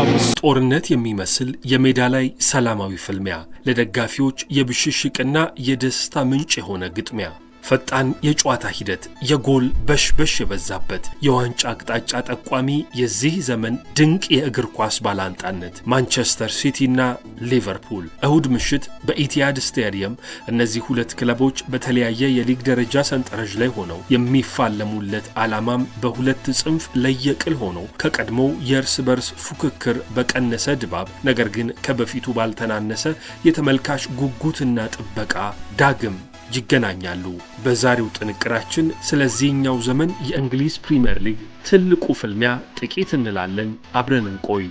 አምስት ጦርነት የሚመስል የሜዳ ላይ ሰላማዊ ፍልሚያ ለደጋፊዎች የብሽሽቅና የደስታ ምንጭ የሆነ ግጥሚያ ፈጣን የጨዋታ ሂደት፣ የጎል በሽበሽ የበዛበት የዋንጫ አቅጣጫ ጠቋሚ የዚህ ዘመን ድንቅ የእግር ኳስ ባላንጣነት ማንቸስተር ሲቲና ሊቨርፑል እሁድ ምሽት በኢቲያድ ስታዲየም እነዚህ ሁለት ክለቦች በተለያየ የሊግ ደረጃ ሰንጠረዥ ላይ ሆነው የሚፋለሙለት ዓላማም በሁለት ጽንፍ ለየቅል ሆነው ከቀድሞው የእርስ በርስ ፉክክር በቀነሰ ድባብ ነገር ግን ከበፊቱ ባልተናነሰ የተመልካች ጉጉትና ጥበቃ ዳግም ይገናኛሉ። በዛሬው ጥንቅራችን ስለዚህኛው ዘመን የእንግሊዝ ፕሪምየር ሊግ ትልቁ ፍልሚያ ጥቂት እንላለን። አብረን እንቆይ።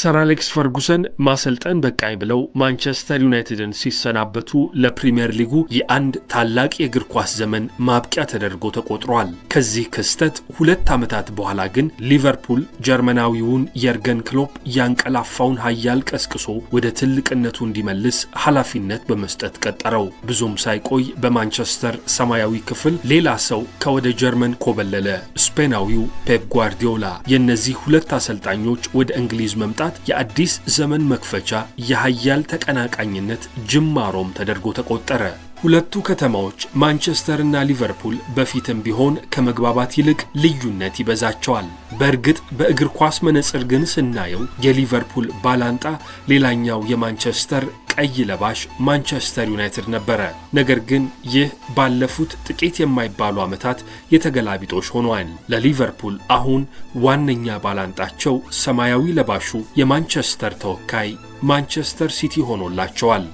ሰር አሌክስ ፈርጉሰን ማሰልጠን በቃኝ ብለው ማንቸስተር ዩናይትድን ሲሰናበቱ ለፕሪምየር ሊጉ የአንድ ታላቅ የእግር ኳስ ዘመን ማብቂያ ተደርጎ ተቆጥሯል። ከዚህ ክስተት ሁለት ዓመታት በኋላ ግን ሊቨርፑል ጀርመናዊውን የርገን ክሎፕ ያንቀላፋውን ኃያል ቀስቅሶ ወደ ትልቅነቱ እንዲመልስ ኃላፊነት በመስጠት ቀጠረው። ብዙም ሳይቆይ በማንቸስተር ሰማያዊ ክፍል ሌላ ሰው ከወደ ጀርመን ኮበለለ፣ ስፔናዊው ፔፕ ጓርዲዮላ። የእነዚህ ሁለት አሰልጣኞች ወደ እንግሊዝ መምጣት ስርዓት የአዲስ ዘመን መክፈቻ የሀያል ተቀናቃኝነት ጅማሮም ተደርጎ ተቆጠረ። ሁለቱ ከተማዎች ማንቸስተርና ሊቨርፑል በፊትም ቢሆን ከመግባባት ይልቅ ልዩነት ይበዛቸዋል። በእርግጥ በእግር ኳስ መነጽር ግን ስናየው የሊቨርፑል ባላንጣ ሌላኛው የማንቸስተር ቀይ ለባሽ ማንቸስተር ዩናይትድ ነበረ። ነገር ግን ይህ ባለፉት ጥቂት የማይባሉ ዓመታት የተገላቢጦሽ ሆኗል። ለሊቨርፑል አሁን ዋነኛ ባላንጣቸው ሰማያዊ ለባሹ የማንቸስተር ተወካይ ማንቸስተር ሲቲ ሆኖላቸዋል።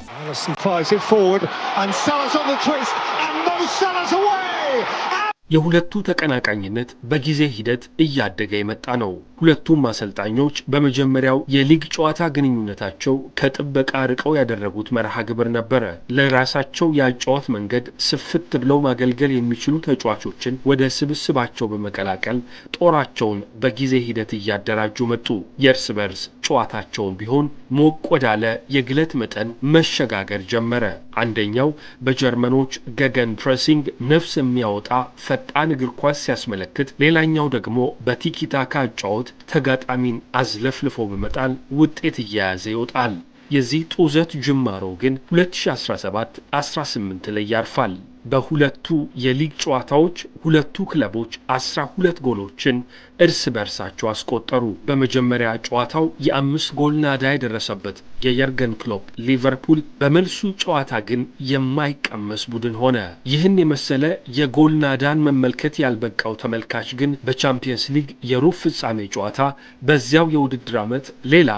የሁለቱ ተቀናቃኝነት በጊዜ ሂደት እያደገ የመጣ ነው። ሁለቱም አሰልጣኞች በመጀመሪያው የሊግ ጨዋታ ግንኙነታቸው ከጥበቃ ርቀው ያደረጉት መርሃ ግብር ነበረ። ለራሳቸው የአጨዋወት መንገድ ስፍት ብለው ማገልገል የሚችሉ ተጫዋቾችን ወደ ስብስባቸው በመቀላቀል ጦራቸውን በጊዜ ሂደት እያደራጁ መጡ። የእርስ በርስ ጨዋታቸውን ቢሆን ሞቅ ወዳለ የግለት መጠን መሸጋገር ጀመረ። አንደኛው በጀርመኖች ገገን ፕሬሲንግ ነፍስ የሚያወጣ ፈጣን እግር ኳስ ሲያስመለክት፣ ሌላኛው ደግሞ በቲኪታካ አጫወት ተጋጣሚን አዝለፍልፎ በመጣል ውጤት እየያዘ ይወጣል። የዚህ ጡዘት ጅማሮ ግን 2017-18 ላይ ያርፋል። በሁለቱ የሊግ ጨዋታዎች ሁለቱ ክለቦች አስራ ሁለት ጎሎችን እርስ በርሳቸው አስቆጠሩ። በመጀመሪያ ጨዋታው የአምስት ጎል ናዳ የደረሰበት የየርገን ክሎፕ ሊቨርፑል በመልሱ ጨዋታ ግን የማይቀመስ ቡድን ሆነ። ይህን የመሰለ የጎል ናዳን መመልከት ያልበቃው ተመልካች ግን በቻምፒየንስ ሊግ የሩብ ፍጻሜ ጨዋታ በዚያው የውድድር ዓመት ሌላ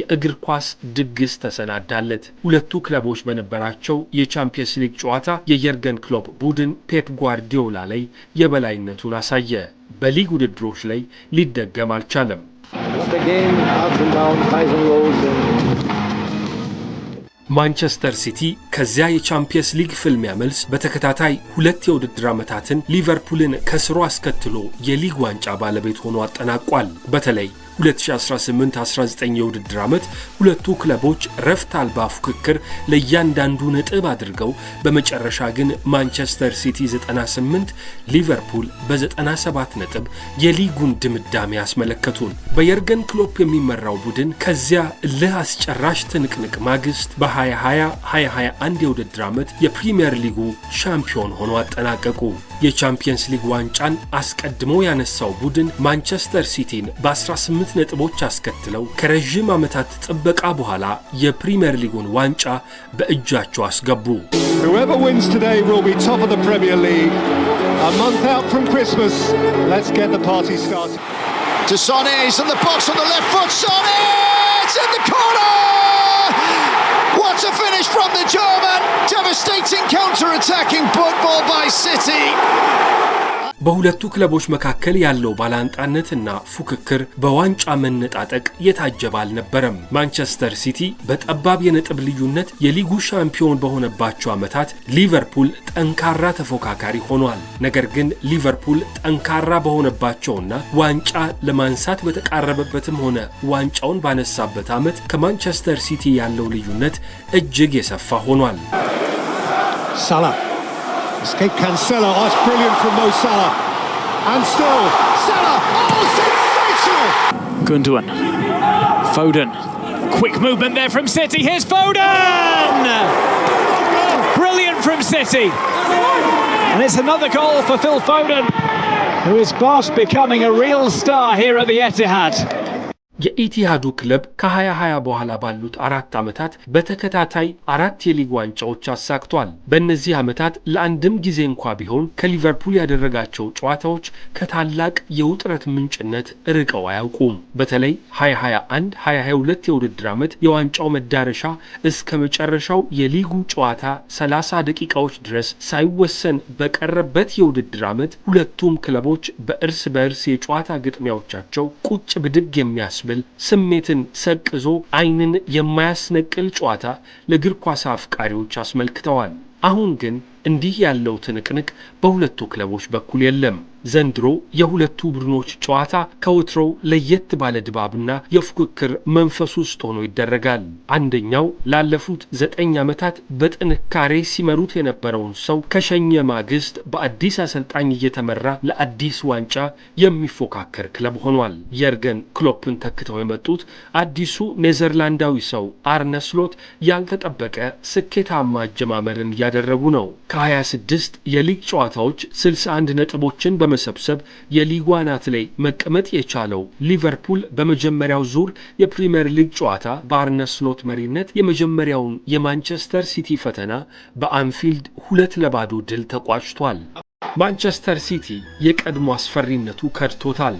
የእግር ኳስ ድግስ ተሰናዳለት። ሁለቱ ክለቦች በነበራቸው የቻምፒየንስ ሊግ ጨዋታ የየርገን ክሎፕ ክሎፕ ቡድን ፔፕ ጓርዲዮላ ላይ የበላይነቱን አሳየ። በሊግ ውድድሮች ላይ ሊደገም አልቻለም። ማንቸስተር ሲቲ ከዚያ የቻምፒየንስ ሊግ ፍልሚያ መልስ በተከታታይ ሁለት የውድድር ዓመታትን ሊቨርፑልን ከስሩ አስከትሎ የሊግ ዋንጫ ባለቤት ሆኖ አጠናቋል። በተለይ 2018-19 የውድድር ዓመት ሁለቱ ክለቦች ረፍት አልባ ፉክክር ለእያንዳንዱ ነጥብ አድርገው በመጨረሻ ግን ማንቸስተር ሲቲ 98 ሊቨርፑል በ97 ነጥብ የሊጉን ድምዳሜ አስመለከቱን። በየርገን ክሎፕ የሚመራው ቡድን ከዚያ እልህ አስጨራሽ ትንቅንቅ ማግስት በ የ2020 2021 የውድድር ዓመት የፕሪምየር ሊጉ ሻምፒዮን ሆኖ አጠናቀቁ። የቻምፒየንስ ሊግ ዋንጫን አስቀድሞ ያነሳው ቡድን ማንቸስተር ሲቲን በ18 ነጥቦች አስከትለው ከረዥም ዓመታት ጥበቃ በኋላ የፕሪምየር ሊጉን ዋንጫ በእጃቸው አስገቡ። To Sonne, he's in the box on the left foot. it's in the corner. What a finish from the German! Devastating counter attacking football by City. በሁለቱ ክለቦች መካከል ያለው ባላንጣነትና ፉክክር በዋንጫ መነጣጠቅ የታጀበ አልነበረም። ማንቸስተር ሲቲ በጠባብ የነጥብ ልዩነት የሊጉ ሻምፒዮን በሆነባቸው ዓመታት ሊቨርፑል ጠንካራ ተፎካካሪ ሆኗል። ነገር ግን ሊቨርፑል ጠንካራ በሆነባቸውና ዋንጫ ለማንሳት በተቃረበበትም ሆነ ዋንጫውን ባነሳበት ዓመት ከማንቸስተር ሲቲ ያለው ልዩነት እጅግ የሰፋ ሆኗል። ሳላ Escape Cancelo. Oh, brilliant from Mo Salah. And still, Salah. Oh, sensational! Gundogan. Foden. Quick movement there from City. Here's Foden! Brilliant from City. And it's another goal for Phil Foden, who is fast becoming a real star here at the Etihad. የኢቲሃዱ ክለብ ከ2020 በኋላ ባሉት አራት ዓመታት በተከታታይ አራት የሊግ ዋንጫዎች አሳክቷል። በእነዚህ ዓመታት ለአንድም ጊዜ እንኳ ቢሆን ከሊቨርፑል ያደረጋቸው ጨዋታዎች ከታላቅ የውጥረት ምንጭነት ርቀው አያውቁም። በተለይ 2021 2022 የውድድር ዓመት የዋንጫው መዳረሻ እስከ መጨረሻው የሊጉ ጨዋታ 30 ደቂቃዎች ድረስ ሳይወሰን በቀረበት የውድድር ዓመት ሁለቱም ክለቦች በእርስ በእርስ የጨዋታ ግጥሚያዎቻቸው ቁጭ ብድግ የሚያስ የሚያስብል ስሜትን ሰቅዞ አይንን የማያስነቅል ጨዋታ ለእግር ኳስ አፍቃሪዎች አስመልክተዋል። አሁን ግን እንዲህ ያለው ትንቅንቅ በሁለቱ ክለቦች በኩል የለም። ዘንድሮ የሁለቱ ቡድኖች ጨዋታ ከወትሮው ለየት ባለ ድባብና የፉክክር መንፈስ ውስጥ ሆኖ ይደረጋል። አንደኛው ላለፉት ዘጠኝ ዓመታት በጥንካሬ ሲመሩት የነበረውን ሰው ከሸኘ ማግስት በአዲስ አሰልጣኝ እየተመራ ለአዲስ ዋንጫ የሚፎካከር ክለብ ሆኗል። የርገን ክሎፕን ተክተው የመጡት አዲሱ ኔዘርላንዳዊ ሰው አርነስሎት ያልተጠበቀ ስኬታማ አጀማመርን እያደረጉ ነው። ከ26 የሊግ ጨዋታዎች 61 ነጥቦችን በመ በመሰብሰብ የሊጉ አናት ላይ መቀመጥ የቻለው ሊቨርፑል በመጀመሪያው ዙር የፕሪምየር ሊግ ጨዋታ በአርነ ስሎት መሪነት የመጀመሪያውን የማንቸስተር ሲቲ ፈተና በአንፊልድ ሁለት ለባዶ ድል ተቋጭቷል። ማንቸስተር ሲቲ የቀድሞ አስፈሪነቱ ከድቶታል።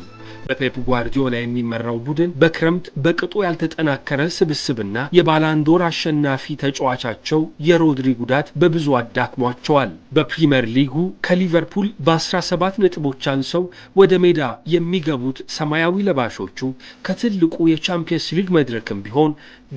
በፔፕ ጓርዲዮላ የሚመራው ቡድን በክረምት በቅጡ ያልተጠናከረ ስብስብና የባላንዶር አሸናፊ ተጫዋቻቸው የሮድሪ ጉዳት በብዙ አዳክሟቸዋል። በፕሪምየር ሊጉ ከሊቨርፑል በ17 ነጥቦች አንሰው ወደ ሜዳ የሚገቡት ሰማያዊ ለባሾቹ ከትልቁ የቻምፒየንስ ሊግ መድረክም ቢሆን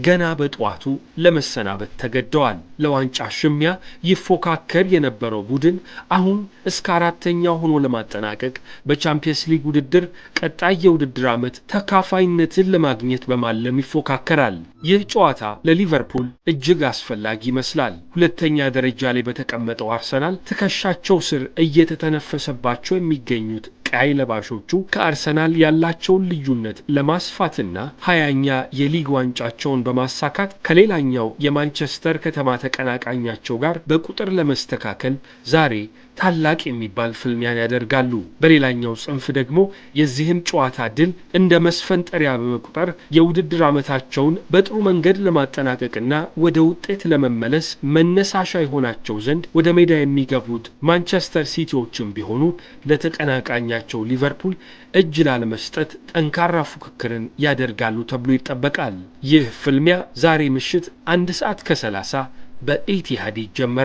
ገና በጠዋቱ ለመሰናበት ተገደዋል። ለዋንጫ ሽሚያ ይፎካከር የነበረው ቡድን አሁን እስከ አራተኛ ሆኖ ለማጠናቀቅ በቻምፒየንስ ሊግ ውድድር ቀጣይ የውድድር ዓመት ተካፋይነትን ለማግኘት በማለም ይፎካከራል። ይህ ጨዋታ ለሊቨርፑል እጅግ አስፈላጊ ይመስላል። ሁለተኛ ደረጃ ላይ በተቀመጠው አርሰናል ትከሻቸው ስር እየተተነፈሰባቸው የሚገኙት ቀያይ ለባሾቹ ከአርሰናል ያላቸውን ልዩነት ለማስፋትና ሀያኛ የሊግ ዋንጫቸውን በማሳካት ከሌላኛው የማንቸስተር ከተማ ተቀናቃኛቸው ጋር በቁጥር ለመስተካከል ዛሬ ታላቅ የሚባል ፍልሚያን ያደርጋሉ። በሌላኛው ጽንፍ ደግሞ የዚህን ጨዋታ ድል እንደ መስፈንጠሪያ በመቁጠር የውድድር ዓመታቸውን በጥሩ መንገድ ለማጠናቀቅና ወደ ውጤት ለመመለስ መነሳሻ ይሆናቸው ዘንድ ወደ ሜዳ የሚገቡት ማንቸስተር ሲቲዎችም ቢሆኑ ለተቀናቃኛ አቻቸው ሊቨርፑል እጅ ላለመስጠት ጠንካራ ፉክክርን ያደርጋሉ ተብሎ ይጠበቃል። ይህ ፍልሚያ ዛሬ ምሽት አንድ ሰዓት ከ30 በኢቲሃድ ይጀመራል።